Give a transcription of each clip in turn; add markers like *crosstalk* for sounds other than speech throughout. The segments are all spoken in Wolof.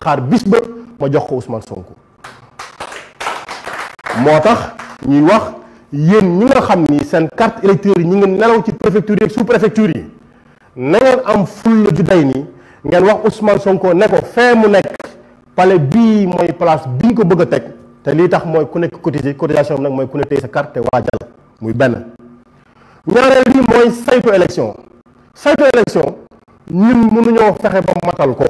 xaar bis ba ma jox ko Ousmane Sonko moo tax ñuy wax yéen ñi nga xam ni seen carte électeur yi ñi ngi nelaw ci préfecture yi ak préfecture yi na am fulla ju day ni ngeen wax Ousmane Sonko ne ko fee mu nekk pale bii mooy place biñ ko bëgg a teg te lii tax mooy ku nekk cotisé cotisation bi nag mooy ku ne tey sa carte te waajal muy benn ñaareel bi mooy saytu élection saytu élection ñun mënuñoo fexe ba matal ko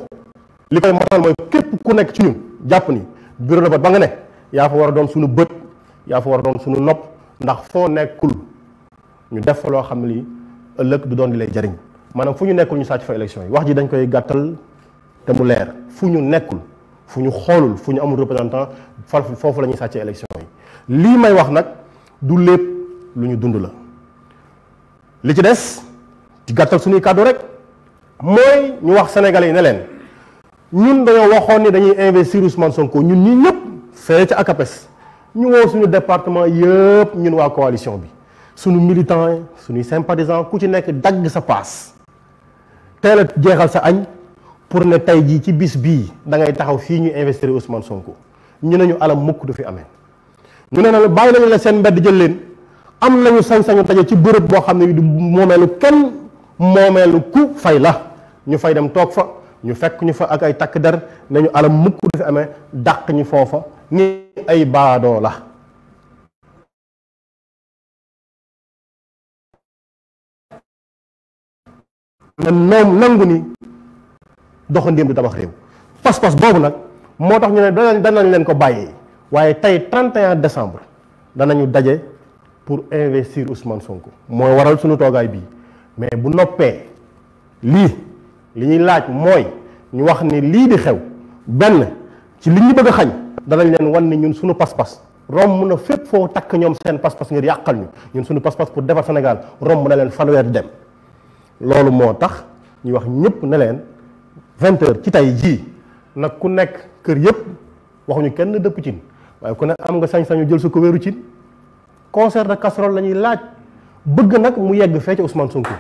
li koy matal mooy képp ku nekk ci ñun jàpp ni bureau de vote ba nga ne yaa fa war a doon suñu bët yaa fa war a doon suñu nopp ndax foo nekkul ñu def fa loo xam ne lii ëllëg du doon di lay jariñ maanaam fu ñu nekkul ñu sàcc fa élection yi wax ji dañ koy gàttal te mu leer fu ñu nekkul fu ñu xoolul fu ñu amul représentant fa foofu la ñuy sàcce élection yi lii may wax nag du lépp lu ñu dund la li ci des ci gàttal suñuy kàddu rek mooy ñu wax sénégalais yi ne leen ñun dañoo waxoon ni dañuy investir Ousmane Sonko ñun ñi ñëpp fee ca ACAPES ñu woo suñu département yëpp ñun waa coalition bi suñu militants yi suñuy sympathisants ku ci nekk dagg sa paas teel a jeexal sa añ pour ne tey jii ci bis bii da ngay taxaw fii ñu investir Ousmane Sonko ñu ne ñu alam mukk du fi amee. ñu ne la bàyyi nañu la seen mbedd jël leen am nañu sañ-sañu daje ci bërëb boo xam ne du moomeelu kenn moomeelu ku fay la ñu fay dem toog fa. ñu fekk ñu fa ak ay takk der nañu alam mukk du fi amee dàq ñu foofa ni ay baadoo la noom nangu ni doxandéem du tabax réew pas-pas boobu nag moo tax ñu ne danañ leen ko bàyyee waaye tey 31 décembre danañu daje pour investir Ousmane Sonko mooy waral suñu toogaay bii mais bu noppee lii li ñuy laaj mooy ñu wax ni lii di xew benn ci li ñu bëgg xañ danañ leen wan ni ñun suñu pas-pas romb na fépp foo takk ñoom seen pas-pas ngir yàqal ñu ñun suñu pas-pas pour defar Sénégal romb na leen fanweer dem loolu moo tax ñu wax ñépp ne leen vingt ci tey jii nag ku nekk kër yëpp waxuñu kenn dëpp cin waaye ku nekk am nga sañ-sañu jël sa ko wéeru cin concert de casserole la laaj bëgg nag mu yegg fee ci Ousmane Sonko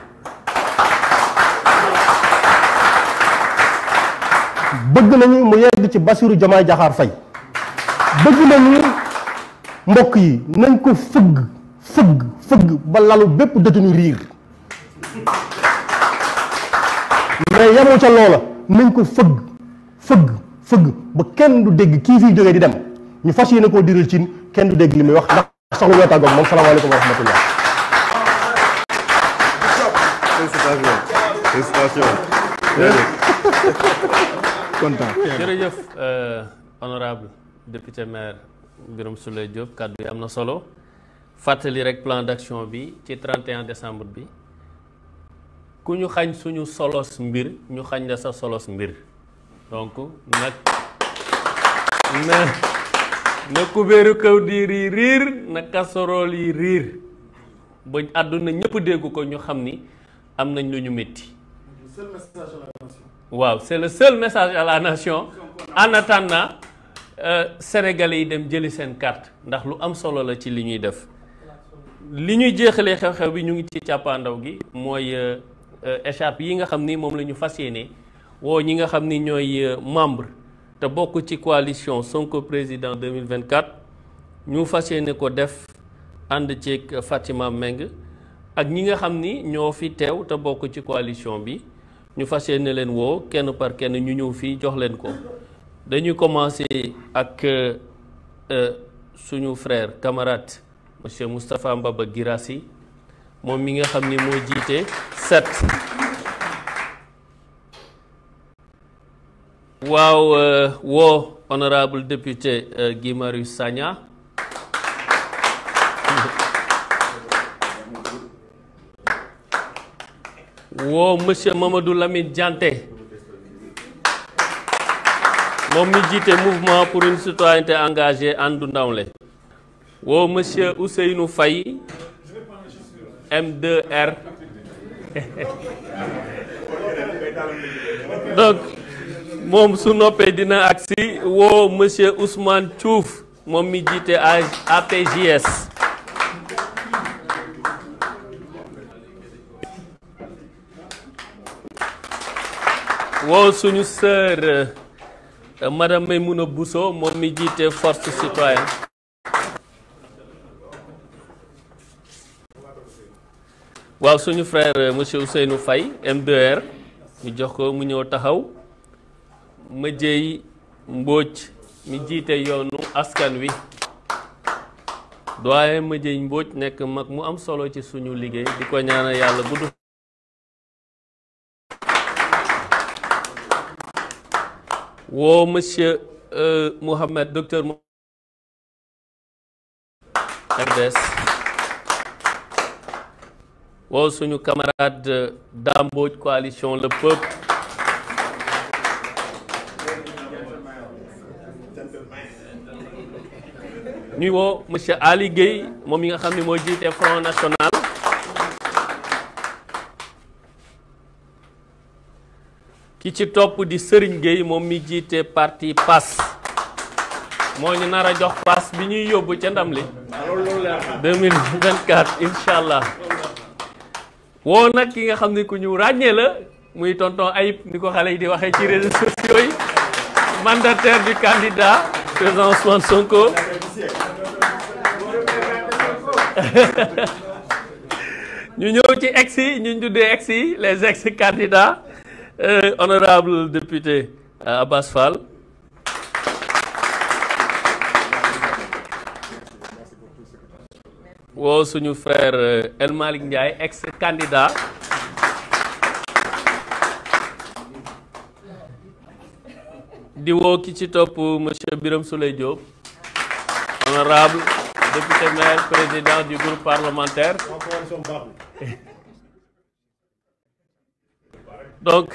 bëgg nañu mu yegg ci Bassirou Diomaye Diakhar Faye bëgg nañu mbokk yi nañ ko fëgg fëgg fëgg ba lalu bépp détenu riir mais yemoo ca loola nañ ko fëgg fëgg fëgg ba kenn du dégg kii fiy jógee di dem ñu fas yéene koo diral cin kenn du dégg li muy wax ndax soxla ñoo tàggoog moom salaamaaleykum wa rahmatullah kontaan. jërëjëf euh, honorable député maire Birame Souleye Diop kàddu yi am na solo fàttali rek plan d'action bi ci 31 décembre bi ku ñu xañ suñu solos mbir ñu xañ la sa solos mbir donc nag na na kubéeru kaw diir yi riir na casserole yi riir ba àdduna ñëpp dégg ko ñu xam ni am nañ lu ñu métti. waaw c'est le seul message à la nation en attendant euh, sénégalais yi dem jëli seen carte ndax lu am solo la ci li ñuy def li ñuy jeexalee xew-xew bi ñu ngi ci càppaandaw gi mooy euh, euh, écharpe yi nga xam ni moom la ñu fas yéene woo ñi nga xam ni ñooy membre te bokk ci coalition Sonko président 2024 ñu fas yéene ko def ànd ceeg Fatima Meng ak ñi nga xam ni ñoo fi teew te bokk ci coalition bi ñu fas yéene leen woo kenn par kenn ñu ñëw fii jox leen ko dañu commencer ak euh, suñu frère camarade monsieur Moustapha Mbaba Girassi moom mi nga xam ni moo jiite set waaw euh, woo honorable député euh, Guy Marius woo monsieur Mamadou Lamine Dianté moom mi jiite mouvement pour une citoyenneté engagée àndu ndawnle woo monsieur Ousseynou Faye M2R *laughs* donc moom su noppee dina agsi woo monsieur Ousmane Diouf moom mi jiite APJS woo suñu sœur euh, madame Maymouna Bousso moom mi jiite force citoyenne waaw suñu frère euh, monsieur seenu fay m 2 jox ko mu ñëw taxaw ma jëy Mbóoj mi jiite yoonu askan wi doyen ma jëy Mbóoj nekk mag mu am solo ci suñu liggéey di ko ñaanal yàlla gudd woo monsieur euh, Mouhamed docteur RDS woo suñu camarade euh, Damboj coalition le peuple ñuy woo monsieur Ali Guèye moom yi nga xam ne moo jiite Front National ki ci topp di sëriñ Gueye moom mi jiite parti PAS moo ñu nar a jox PAS bi ñuy yóbbu ca ndam li 2024 allah woo nag ki nga xam ne ku ñu ràññee la muy tonton Ayib ni ko xale yi di waxee ci réseaux sociaux yi mandataire du candidat président Sonko *laughs* ñu ñëw ci ex yi ñu tuddee ex yi les ex candidats Eh, honorable député euh, woo suñu frère euh, El ex-candidat di woo ki ci topp monsieur Birame Souleye Diop honorable député maire président du groupe parlementaire donc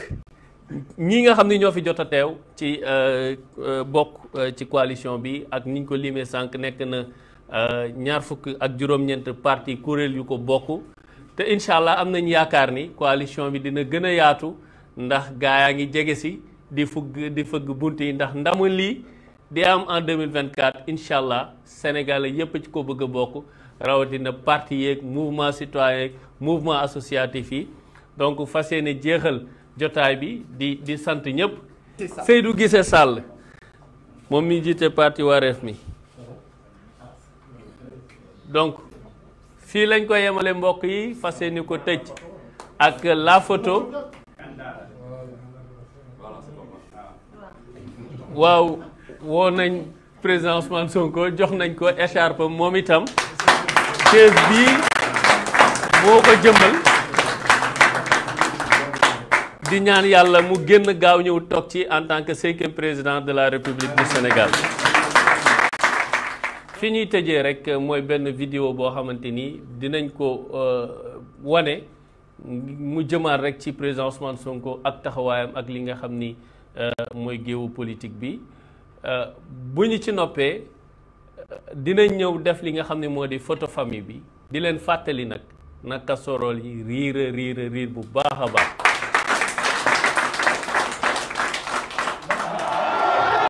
ñi nga xam ni ñoo fi jot a teew ci euh, euh, bokk euh, ci coalition bi ak niñ ko limee sànq nekk na ñaar fukk ak juróom parti kuréel yu ko bokk te incha allah am nañ yaakaar ni coalition bi dina gën a yaatu ndax gaa yaa ngi jege si di fugg di fëgg bunt yi ndax ndamu lii di am en 2024 incha allah sénégalais yépp ci ko bëgg bokk rawatina parti yeeg mouvement citoyen yeeg mouvement associatif yi donc fa yéene jeexal jotaay bi di di sant ñëpp. Seydou Guissé sàll moom mi jiite parti Wareef mi donc fii lañ ko yemale mbokk yi fas yéene ko tëj ak la photo waaw woo nañ président Ousmane Sonko jox nañ ko écharpe moom itam chaise bii moo ko jëmbal di ñaan yàlla mu génn gaaw ñëw toog ci en tant que cinquième président de la république bu Sénégal. fi ñuy tëjee rek mooy benn vidéo boo xamante ni dinañ ko euh, wane mu jëmaat rek ci président Ousmane Sonko ak taxawaayam ak li nga xam ni euh, mooy géewu politique bi euh, bu ñu ci noppee dinañ ñëw def li nga xam ne moo di photo famille bi di leen fàttali nag naka sorool yi riir a riir bu baax baax